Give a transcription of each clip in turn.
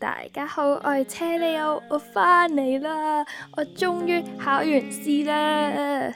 大家好，我係 Chele 我翻嚟啦，我終於考完試啦。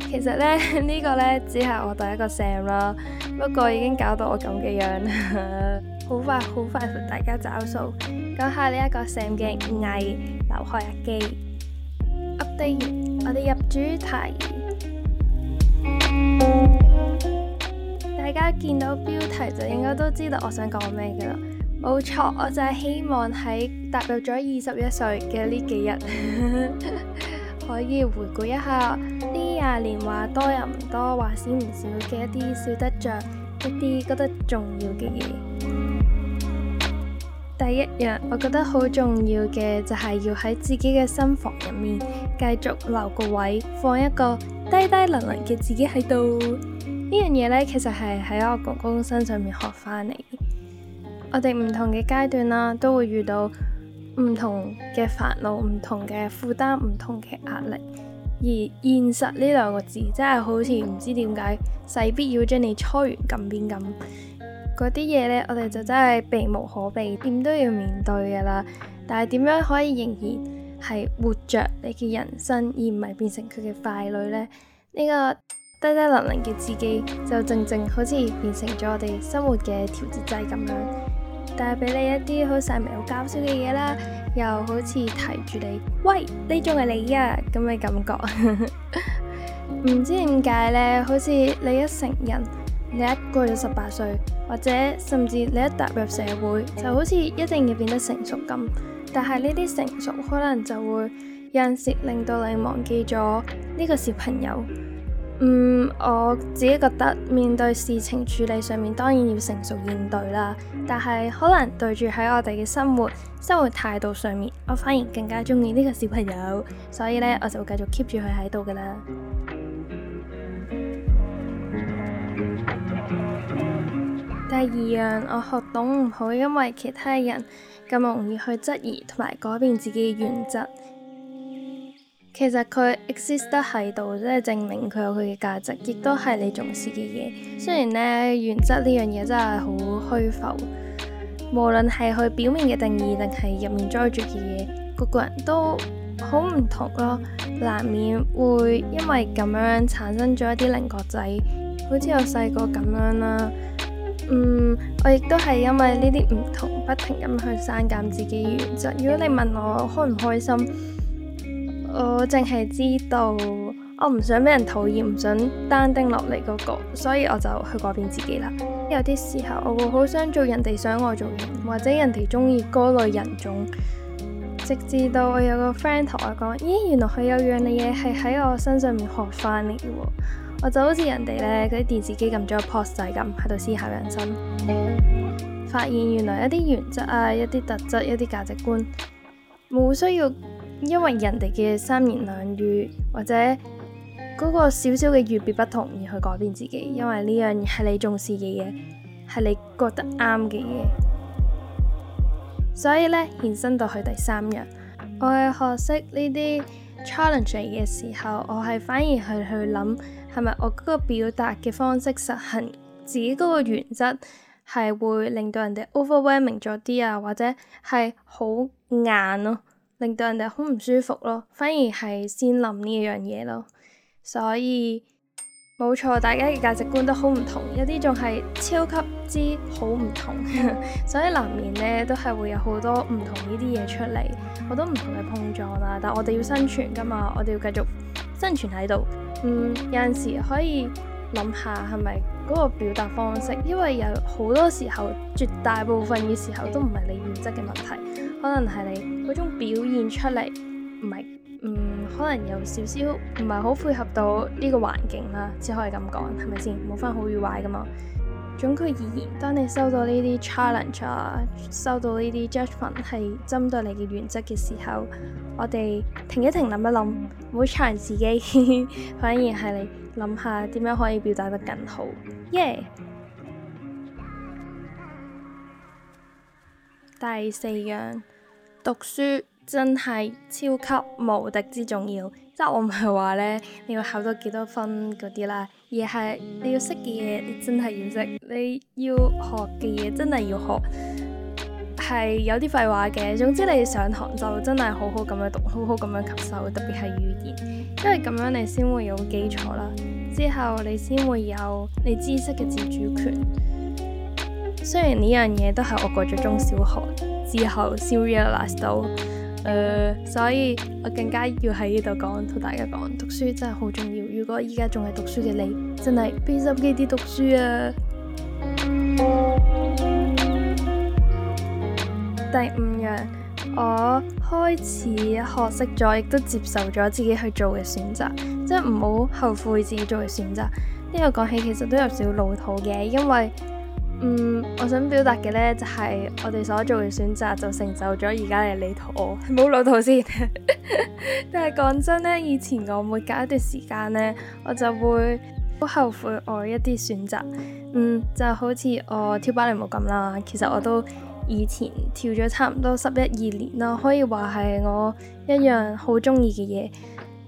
其實咧呢、呢個咧只係我第一個 Sam 啦，不過已經搞到我咁嘅樣，好 快好快同大家找數，講下呢一個 Sam 嘅藝留學日記。update，我哋入主題，大家見到標題就應該都知道我想講咩嘅啦。冇錯，我就係希望喺踏入咗二十一歲嘅呢幾日， 可以回顧一下呢廿年話多又唔多，話少唔少嘅一啲笑得着、一啲覺得重要嘅嘢。 第一樣，我覺得好重要嘅就係要喺自己嘅心房入面繼續留個位，放一個低低能能嘅自己喺度。呢 樣嘢呢，其實係喺我公公身上面學翻嚟。我哋唔同嘅階段啦，都會遇到唔同嘅煩惱、唔同嘅負擔、唔同嘅壓力。而現實呢兩個字真係好似唔知點解，勢必要將你搓圓撳扁咁，嗰啲嘢呢，我哋就真係避無可避，點都要面對㗎喇。但係點樣可以仍然係活著你嘅人生，而唔係變成佢嘅傀儡呢？呢、呢個低低能能嘅自己，就正正好似變成咗我哋生活嘅調節劑咁樣。帶俾你一啲好細微、好搞笑嘅嘢啦，又好似提住你，喂，呢種係你啊，咁嘅感覺。唔 知點解呢？好似你一成人，你一過咗十八歲，或者甚至你一踏入社會，就好似一定要變得成熟咁。但係呢啲成熟可能就會有陣時令到你忘記咗呢個小朋友。嗯，我自己覺得面對事情處理上面當然要成熟應對啦，但係可能對住喺我哋嘅生活，生活態度上面，我反而更加鍾意呢個小朋友，所以呢，我就會繼續 keep 住佢喺度噶啦。第二樣我學懂唔好，因為其他人咁容易去質疑同埋改變自己嘅原則。其實佢 exist 得喺度，即係證明佢有佢嘅價值，亦都係你重視嘅嘢。雖然呢原則呢樣嘢真係好虛浮，無論係佢表面嘅定義，定係入面載住嘅嘢，個個人都好唔同咯，難免會因為咁樣產生咗一啲稜角仔。好似我細個咁樣啦、啊，嗯，我亦都係因為呢啲唔同，不停咁去刪減自己原則。如果你問我開唔開心？我淨係知道，我唔想俾人討厭，唔想單丁落嚟嗰個，所以我就去改變自己啦。有啲時候我會好想做人哋想我做嘅，或者人哋中意嗰類人種，直至到我有個 friend 同我講：咦，原來佢有樣嘅嘢係喺我身上面學翻嚟嘅。我就好似人哋呢，嗰啲電視機撳咗個 pose 仔咁喺度思考人生，發現原來一啲原則啊、一啲特質、一啲價值觀冇需要。因為人哋嘅三言兩語，或者嗰個小小嘅與別不同而去改變自己，因為呢樣嘢係你重視嘅嘢，係你覺得啱嘅嘢，所以呢，延伸到去第三日，我係學識呢啲 challenge 嘅時候，我係反而係去諗係咪我嗰個表達嘅方式，實行自己嗰個原則係會令到人哋 overwhelming 咗啲啊，或者係好硬咯、啊。令到人哋好唔舒服咯，反而係先諗呢樣嘢咯。所以冇錯，大家嘅價值觀都好唔同，有啲仲係超級之好唔同， 所以難免呢都係會有好多唔同呢啲嘢出嚟，好多唔同嘅碰撞啊。但係我哋要生存噶嘛，我哋要繼續生存喺度。嗯，有陣時可以諗下係咪嗰個表達方式，因為有好多時候，絕大部分嘅時候都唔係你原則嘅問題。可能係你嗰種表現出嚟唔係，嗯，可能有少少唔係好配合到呢個環境啦，只可以咁講，係咪先？冇分好與壞噶嘛。總括而言，當你收到呢啲 challenge 啊，收到呢啲 judgment 係針對你嘅原則嘅時候，我哋停一停想一想，諗一諗，唔好 challenge 自己， 反而係你諗下點樣可以表達得更好。耶、yeah!！第四樣。讀書真係超級無敵之重要，即係我唔係話呢你要考到幾多分嗰啲啦，而係你要識嘅嘢你真係要識，你要學嘅嘢真係要學，係有啲廢話嘅。總之你上堂就真係好好咁樣讀，好好咁樣吸收，特別係語言，因為咁樣你先會有基礎啦，之後你先會有你知識嘅自主權。雖然呢樣嘢都係我過咗中小學。之後先 realise 到，誒、呃，所以我更加要喺呢度講，同大家講，讀書真係好重要。如果依家仲係讀書嘅你，真係俾心機啲讀書啊！ 第五樣，我開始學識咗，亦都接受咗自己去做嘅選擇，即係唔好後悔自己做嘅選擇。呢、這個講起其實都有少少老土嘅，因為。嗯，我想表達嘅呢，就係、是、我哋所做嘅選擇就成就咗而家嘅你同我，唔好老套先。 但係講真呢，以前我每隔一段時間呢，我就會好後悔我一啲選擇。嗯，就好似我跳芭蕾舞咁啦，其實我都以前跳咗差唔多十一二年咯，可以話係我一樣好中意嘅嘢。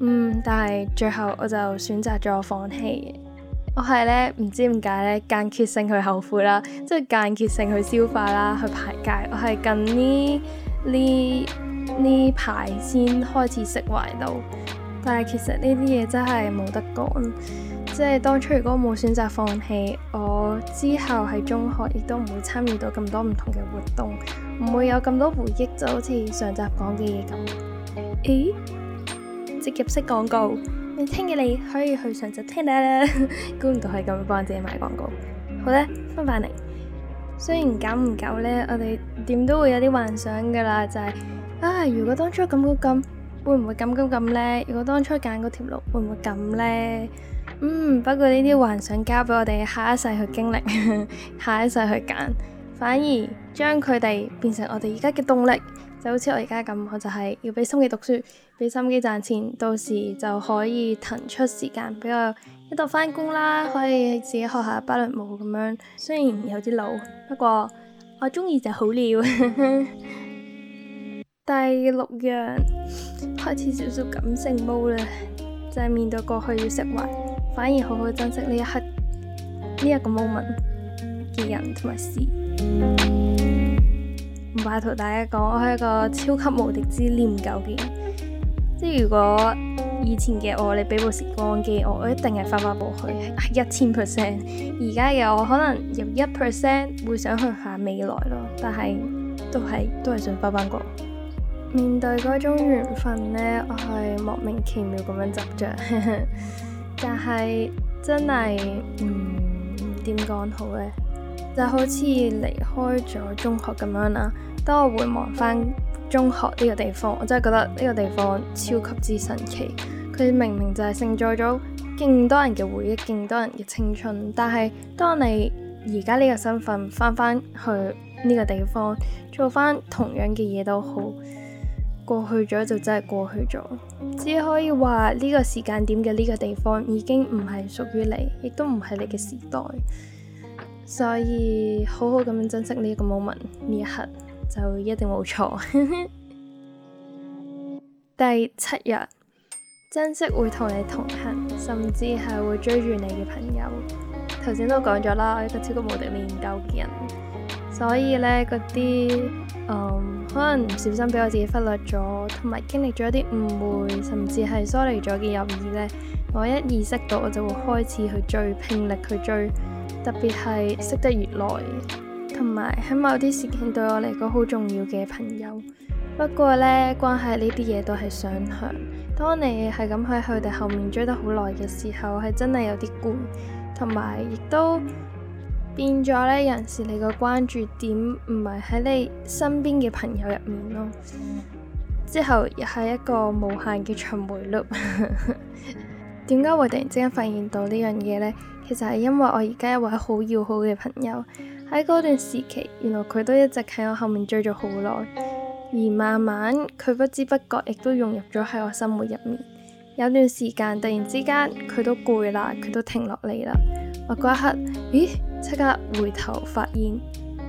嗯，但係最後我就選擇咗放棄。我係咧，唔知點解咧，間歇性去後悔啦，即係間歇性去消化啦，去排解。我係近呢呢呢排先開始釋懷到，但係其實呢啲嘢真係冇得講。即係當初如果冇選擇放棄，我之後喺中學亦都唔會參與到咁多唔同嘅活動，唔會有咁多回憶，就好似上集講嘅嘢咁。咦、欸？即係職業式廣告。你聽嘅你可以去上集聽啦，估唔到， 到可以咁幫自己買廣告。好咧，翻返嚟，雖然久唔久呢，我哋點都會有啲幻想噶啦，就係、是、啊，如果當初咁咁咁，會唔會咁咁咁呢？如果當初揀嗰條路，會唔會咁呢？嗯，不過呢啲幻想交俾我哋下一世去經歷， 下一世去揀，反而將佢哋變成我哋而家嘅動力，就好似我而家咁，我就係要俾心機讀書。俾心機賺錢，到時就可以騰出時間，比較一度翻工啦，可以自己學下芭蕾舞咁樣。雖然有啲老，不過我中意就好料。 第六樣，開始少少感性 mode 啦，就係、是、面對過去要釋懷，反而好好珍惜呢一刻，呢一個 moment 嘅人同埋事。唔怕，同 大家講，我係一個超級無敵之念舊嘅人。即係如果以前嘅我，你俾部時光機我，我一定係翻返過去，係一千 percent。而家嘅我可能有一 percent 會想去下未來咯，但係都係都係想翻返過去。面對嗰種緣分呢，我係莫名其妙咁樣執着，但 係真係唔點講好呢，就好似離開咗中學咁樣啦。當我會回望翻。中學呢個地方，我真係覺得呢個地方超級之神奇。佢明明就係承載咗勁多人嘅回憶、勁多人嘅青春，但係當你而家呢個身份翻返去呢個地方，做翻同樣嘅嘢都好，過去咗就真係過去咗。只可以話呢個時間點嘅呢個地方已經唔係屬於你，亦都唔係你嘅時代。所以好好咁樣珍惜呢個 moment，呢一刻。就一定冇錯。第七日，珍惜會同你同行，甚至係會追住你嘅朋友。頭先都講咗啦，我一個超級無敵念舊嘅人，所以呢，嗰啲，呃，可能唔小心俾我自己忽略咗，同埋經歷咗一啲誤會，甚至係疏離咗嘅友誼呢，我一意識到，我就會開始去追，拼力去追，特別係識得越耐。同埋喺某啲事件對我嚟講好重要嘅朋友，不過呢，關係呢啲嘢都係雙向。當你係咁喺佢哋後面追得好耐嘅時候，係真係有啲攰，同埋亦都變咗呢，有時你個關注點唔係喺你身邊嘅朋友入面咯，之後又係一個無限嘅循環 loop。點解會突然之間發現到呢樣嘢呢？其實係因為我而家一位好要好嘅朋友。喺嗰段時期，原來佢都一直喺我後面追咗好耐，而慢慢佢不知不覺亦都融入咗喺我生活入面。有段時間突然之間佢都攰啦，佢都停落嚟啦。我嗰一刻，咦？即刻回頭發現，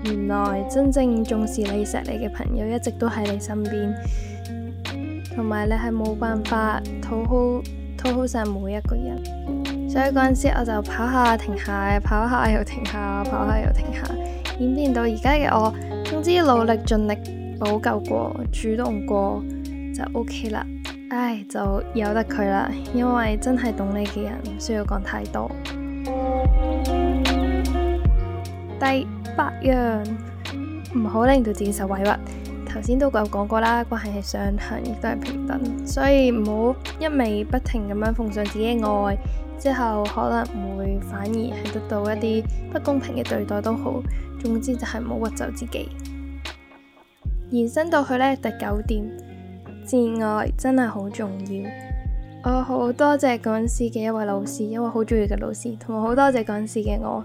原來真正重視你、錫你嘅朋友一直都喺你身邊，同埋你係冇辦法討好討好晒每一個人。所以嗰陣時我就跑下停下，跑下又停下，跑下又停下，演變到而家嘅我，總之努力盡力補救過，主動過，就 OK 啦。唉，就由得佢啦，因為真係懂你嘅人，唔需要講太多。 第八樣，唔好令到自己受委屈。頭先都有講過啦，關係係上向亦都係平等，所以唔好一味不停咁樣奉上自己嘅愛，之後可能唔會反而係得到一啲不公平嘅對待都好，總之就係唔好屈就自己。延伸到去呢，第九點，自愛真係好重要。我好多謝嗰陣時嘅一位老師，一位好重要嘅老師，同埋好多謝嗰陣時嘅我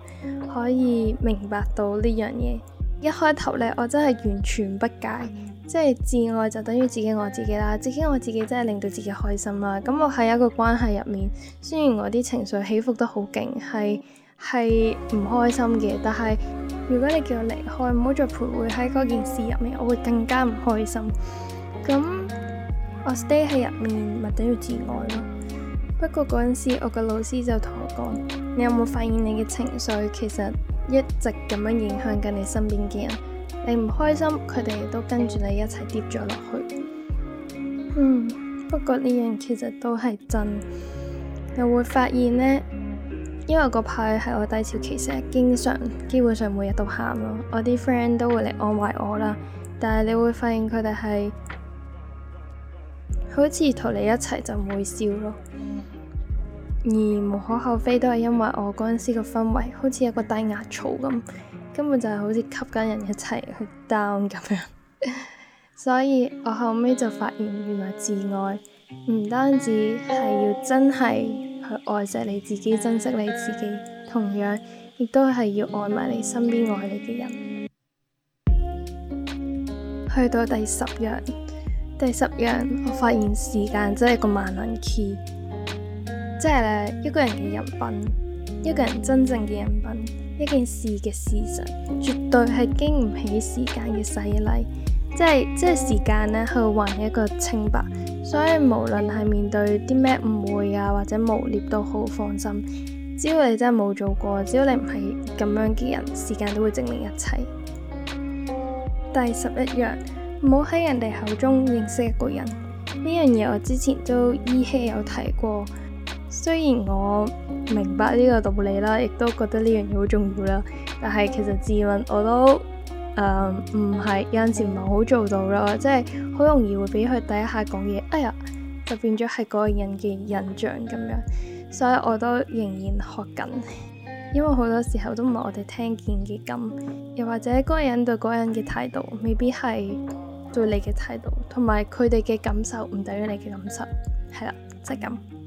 可以明白到呢樣嘢。一開頭呢，我真係完全不解。即係自愛就等於自己愛自己啦，即係我自己真係令到自己開心啦，啊，咁我喺一個關係入面，雖然我啲情緒起伏得好勁，係係唔開心嘅，但係如果你叫我離開，唔好再徘徊喺嗰件事入面，我會更加唔開心。咁我 stay 喺入面咪等於自愛咯。不過嗰陣時我個老師就同我講：「你有冇發現你嘅情緒其實一直咁樣影響緊你身邊嘅人？」你唔開心，佢哋亦都跟住你一齊跌咗落去。嗯，不過呢樣其實都係真。你會發現呢，因為個派係我低潮期，成日經常基本上每日都喊咯。我啲 friend 都會嚟安慰我啦，但係你會發現佢哋係好似同你一齊就唔會笑咯。而無可厚非，都係因為我嗰陣時個氛圍，好似一個低壓槽咁。根本就係好似吸緊人一齊去 down 咁樣。 所以我後尾就發現，原來自愛唔單止係要真係去愛惜你自己，珍惜你自己，同樣亦都係要愛埋你身邊愛你嘅人。 去到第十樣，第十樣我發現時間真係個萬能 key，即係呢一個人嘅人品。一個人真正嘅人品，一件事嘅事實，絕對係經唔起時間嘅洗禮，即係即係時間呢去還一個清白。所以無論係面對啲咩誤會啊或者誣衊，都好放心。只要你真係冇做過，只要你唔係咁樣嘅人，時間都會證明一切。第十一樣，唔好喺人哋口中認識一個人。呢樣嘢我之前都依稀有提過。雖然我。明白呢個道理啦，亦都覺得呢樣嘢好重要啦。但係其實自問我都唔係、嗯、有陣時唔係好做到啦，即係好容易會俾佢第一下講嘢，哎呀就變咗係嗰個人嘅印象咁樣。所以我都仍然學緊，因為好多時候都唔係我哋聽見嘅咁，又或者嗰個人對嗰人嘅態度未必係對你嘅態度，同埋佢哋嘅感受唔等於你嘅感受，係啦，即係咁。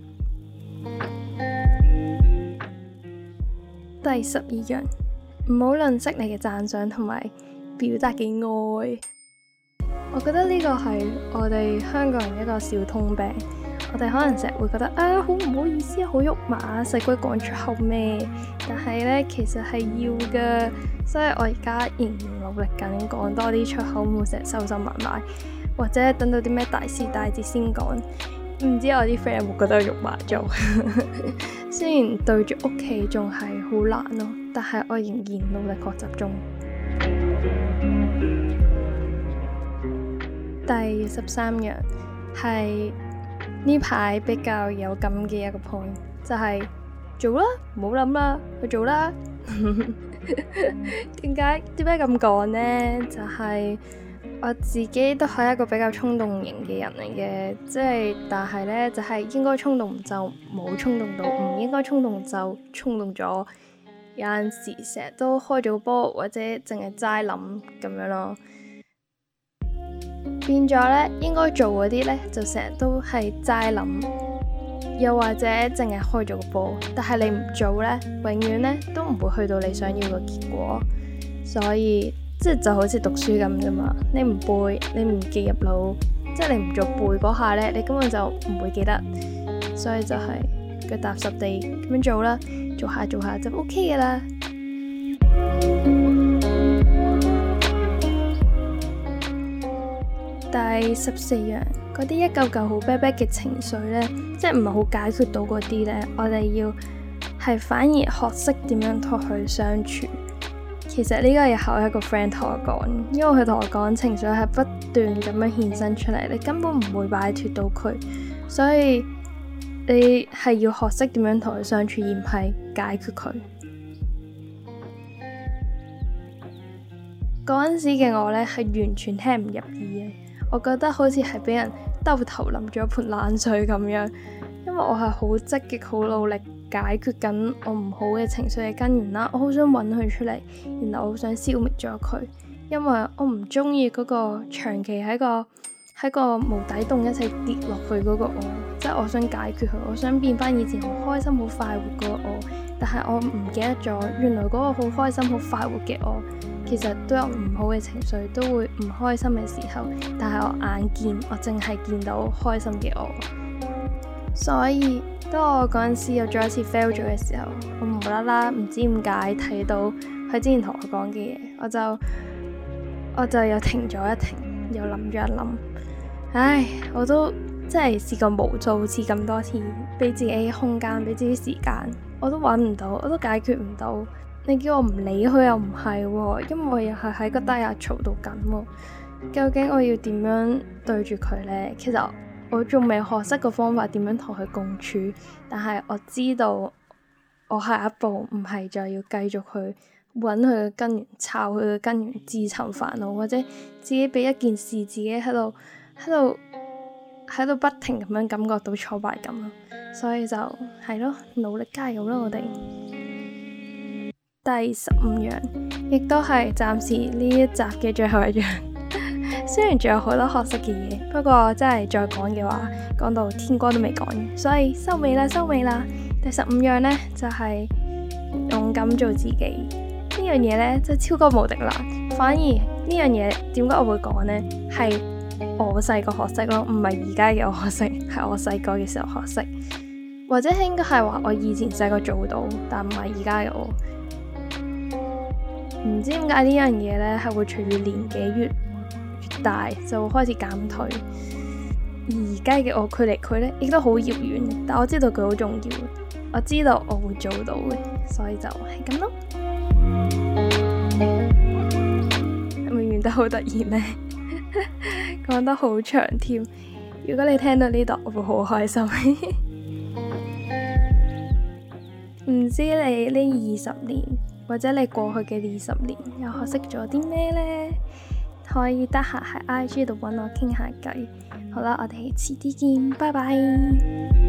第十二樣，唔好吝惜你嘅讚賞同埋表達嘅愛，我覺得呢個係我哋香港人一個小通病。我哋可能成日會覺得啊，好唔好意思，好肉麻。使鬼講出口咩？但係呢，其實係要㗎，所以我而家仍然努力緊講多啲出口，唔會成日收收埋埋，或者等到啲咩大事大節先講。唔知我啲 friend 有冇覺得我肉麻咗？ 雖然對住屋企仲係。好難咯，但係我仍然努力學習中。 第十三樣係呢排比較有感嘅一個 point，就係、是、做啦，唔好諗啦，去做啦。點解點解咁講呢？就係、是、我自己都係一個比較衝動型嘅人嚟嘅，即、就、係、是、但係呢，就係、是、應該衝動就冇衝動到，唔應該衝動就衝動咗。有陣時成日都開咗波，或者淨係齋諗咁樣咯。變咗呢，應該做嗰啲呢，就成日都係齋諗。又或者淨係開咗個波，但係你唔做咧，永遠咧都唔會去到你想要嘅結果。所以即係就好似讀書咁啫嘛，你唔背，你唔記入腦，即係你唔做背嗰下咧，你根本就唔會記得。所以就係腳踏實地咁樣做啦，做下做下就 OK 噶啦。第十四樣。嗰啲一嚿嚿好啤啤嘅情緒呢，即係唔係好解決到嗰啲呢。我哋要係反而學識點樣同佢相處。其實呢個係後一個 friend 同我講，因為佢同我講情緒係不斷咁樣衍生出嚟，你根本唔會擺脫到佢，所以你係要學識點樣同佢相處，而唔係解決佢。嗰陣 時嘅我呢，係完全聽唔入耳嘅，我覺得好似係俾人。兜頭淋咗盆冷水咁樣，因為我係好積極、好努力解決緊我唔好嘅情緒嘅根源啦。我好想搵佢出嚟，然後我好想消滅咗佢，因為我唔中意嗰個長期喺個喺個無底洞一齊跌落去嗰個。即係我想解決佢，我想變翻以前好開心、好快活個我。但係我唔記得咗，原來嗰個好開心、好快活嘅我，其實都有唔好嘅情緒，都會唔開心嘅時候。但係我眼見，我淨係見到開心嘅我。所以當我嗰陣時又再一次 fail 咗嘅時候，我無啦啦唔知點解睇到佢之前同我講嘅嘢，我就我就又停咗一停，又諗咗一諗。唉，我都。真係試過無做，試咁多次，俾自己空間，俾自己時間，我都揾唔到，我都解決唔到。你叫我唔理佢，又唔係喎，因為又係喺個低壓槽度緊喎。究竟我要點樣對住佢呢？其實我仲未學識個方法點樣同佢共處，但係我知道我下一步唔係就要繼續去揾佢嘅根源，抄佢嘅根源，自尋煩惱，或者自己俾一件事，自己喺度喺度，喺度不停咁樣感覺到挫敗感，所以就係咯，努力加油啦我哋。第十五樣，亦都係暫時呢一集嘅最後一樣。 雖然仲有好多學習嘅嘢，不過真係再講嘅話，講到天光都未講，所以收尾啦，收尾啦。第十五樣呢，就係、是、勇敢做自己、這個、呢樣嘢呢，真、就、係、是、超級無敵難。反而呢樣嘢點解我會講呢？係我細個學識咯，唔係而家嘅我學識，係我細個嘅時候學識，或者應該係話我以前細個做到，但唔係而家嘅我。唔知點解呢樣嘢呢，係會隨住年紀越大就會開始減退。而家嘅我距離佢呢，亦都好遙遠，但我知道佢好重要，我知道我會做到嘅，所以就係咁咯。永遠都好突然呢。 是講得好長添，如果你聽到呢度，我會好開心。唔 知你呢二十年，或者你過去嘅二十年，又學識咗啲咩呢？可以得閒喺 IG 度揾我傾下偈。好啦，我哋遲啲見，拜拜。